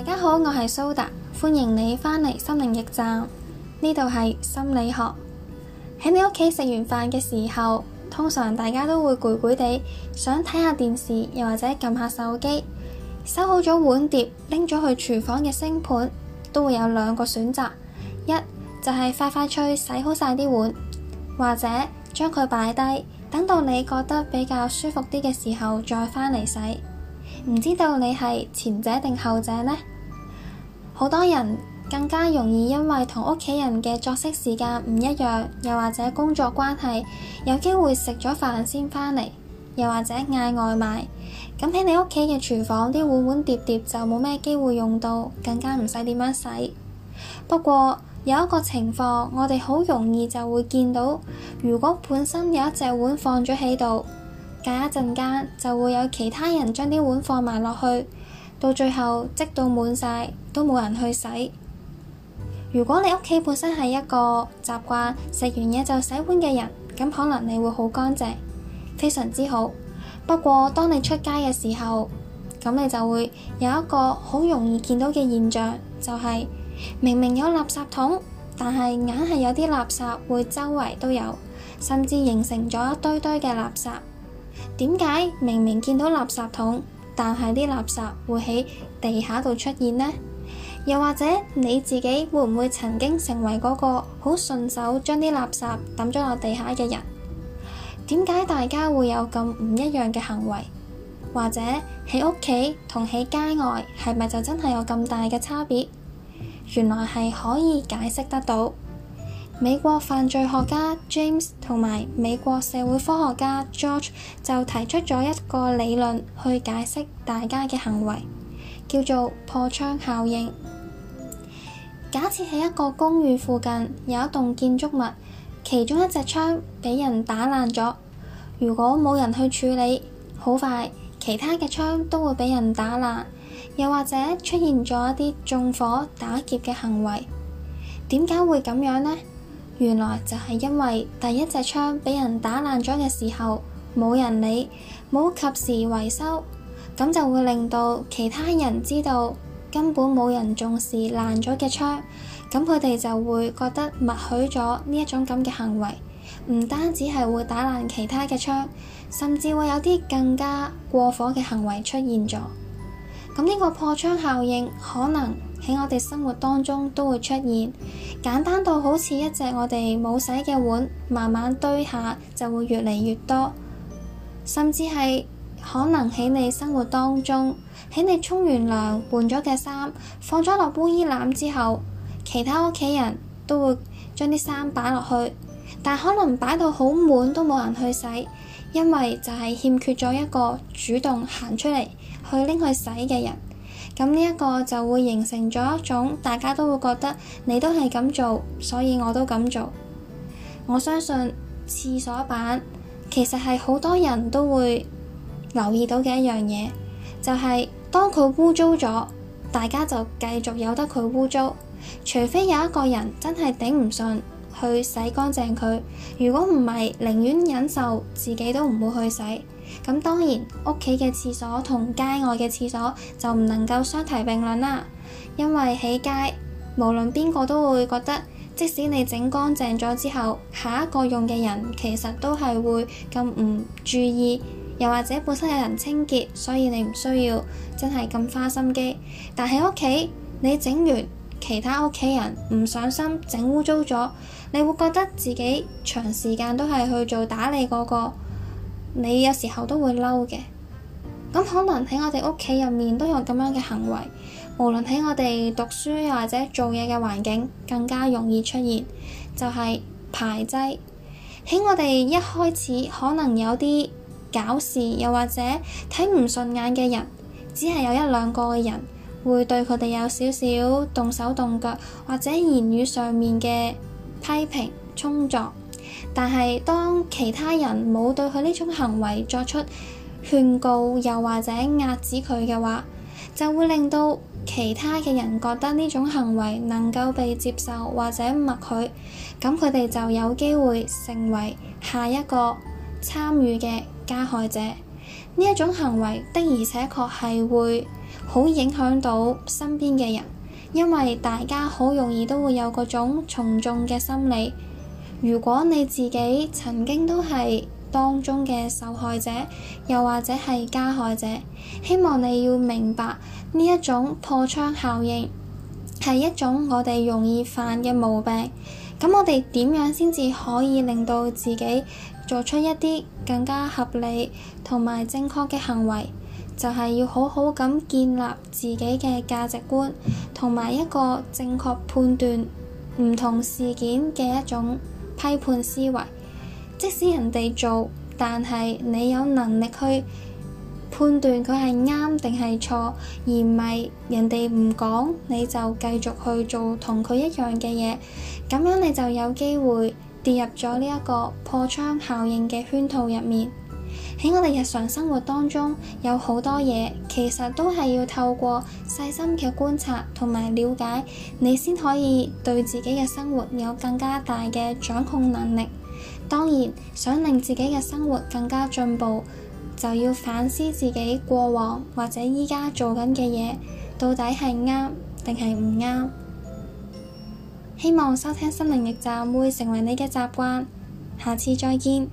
大家好，我係蘇達，歡迎你返嚟心靈驛站。呢度係心理學。喺你屋企食完飯嘅時候，通常大家都會攰攰地，想睇下電視，又或者撳下手機。收好咗碗碟，拎咗去廚房嘅鋅盆，都會有兩個選擇：一就係、是、快快脆洗好晒啲碗，或者將佢擺低，等到你覺得比較舒服啲嘅時候再返嚟洗。唔知道你係前者定後者呢？好多人更加容易因為同屋企人嘅作息時間唔一樣，又或者工作關係，有機會食咗飯先返嚟，又或者嗌外賣，咁喺你屋企嘅廚房啲碗碗碟碟碟就冇咩機會用到，更加唔使點樣洗。不過有一個情況，我哋好容易就會見到，如果本身有一隻碗放咗喺度。下一陣間就會有其他人將啲碗放埋落去，到最後積到滿晒，都冇人去洗。如果你屋企本身係一個習慣食完嘢就洗碗嘅人，咁可能你會好乾淨，非常之好。不過當你出街嘅時候，咁你就會有一個好容易見到嘅現象，就係明明有垃圾桶，但係硬係有啲垃圾會周圍都有，甚至形成咗一堆堆嘅垃圾。點解明明見到垃圾桶，但係啲垃圾會喺地下度出現呢？又或者你自己會唔會曾經成為嗰個好順手將啲垃圾抌咗落地下嘅人？點解大家會有咁唔一樣嘅行為？或者喺屋企同喺街外，係咪就真係有咁大嘅差別？原來係可以解釋得到。美國犯罪學家 James 同埋美國社會科學家 George 就提出咗一個理論去解釋大家嘅行為，叫做破窗效應。假設喺一個公寓附近有一棟建築物，其中一隻窗畀人打爛咗。如果冇人去處理，好快其他嘅窗都會畀人打爛，又或者出現咗一啲縱火打劫嘅行為。點解會咁樣呢？原來就係因為第一隻槍俾人打爛咗嘅時候冇人理，冇及時維修，咁就會令到其他人知道根本冇人重視爛咗嘅槍，咁佢哋就會覺得默許咗呢一種咁嘅行為，唔單止係會打爛其他嘅槍，甚至會有啲更加過火嘅行為出現咗。咁呢個破窗效應可能。喺我哋生活當中都會出現，簡單到好似一隻我哋冇洗嘅碗，慢慢堆下就會越嚟越多。甚至係可能喺你生活當中，喺你沖完涼換咗嘅衫放咗落污衣籃之後，其他屋企人都會將啲衫擺落去，但可能擺到好滿都冇人去洗，因為就係欠缺咗一個主動行出嚟去拎去洗嘅人。咁呢一個就會形成咗一種，大家都會覺得你都係咁做，所以我都咁做。我相信廁所版其實係好多人都會留意到嘅一樣嘢，就係當佢污糟咗，大家就繼續由得佢污糟，除非有一個人真係頂唔順。去洗乾淨佢，如果唔係，寧願忍受自己都唔會去洗。咁當然屋企嘅廁所同街外嘅廁所就唔能夠相提並論啦，因為喺街，無論邊個都會覺得，即使你整乾淨咗之後，下一個用嘅人其實都係會咁唔注意，又或者本身有人清潔，所以你唔需要真係咁花心機。但喺屋企，你整完，其他屋企人唔上心，整污糟咗，你會覺得自己長時間都係去做打理嗰個，你有時候都會嬲嘅。咁可能喺我哋屋企入面都有咁樣嘅行為，無論喺我哋讀書或者做嘢嘅環境，更加容易出現，就係排擠。喺我哋一開始可能有啲搞事又或者睇唔順眼嘅人，只係有一兩個嘅人。會對佢哋有少少動手動腳，或者言語上面嘅批評、衝撞。但係當其他人冇對佢呢種行為作出勸告，又或者壓止佢嘅話，就會令到其他嘅人覺得呢種行為能夠被接受或者默許，咁佢哋就有機會成為下一個參與嘅加害者。呢一種行為的而且確係會。好影響到身邊嘅人，因為大家好容易都會有嗰種從眾嘅心理。如果你自己曾經都係當中嘅受害者，又或者係加害者，希望你要明白，呢一種破窗效應，係一種我哋容易犯嘅毛病。咁，我哋點樣先至可以令到自己做出一啲更加合理同埋正確嘅行為？就係要好好咁建立自己嘅價值觀，同埋一個正確判斷唔同事件嘅一種批判思維。即使人哋做，但係你有能力去判斷佢係啱定係錯，而唔係人哋唔講，你就繼續去做同佢一樣嘅嘢，咁樣你就有機會跌入咗呢一個破窗效應嘅圈套入面。喺我哋日常生活當中，有好多嘢，其實都係要透過細心嘅觀察同埋了解，你先可以對自己嘅生活有更加大嘅掌控能力。當然，想令自己嘅生活更加進步，就要反思自己過往或者依家做緊嘅嘢到底係啱定係唔啱。希望收聽心靈驛站會成為你嘅習慣，下次再見。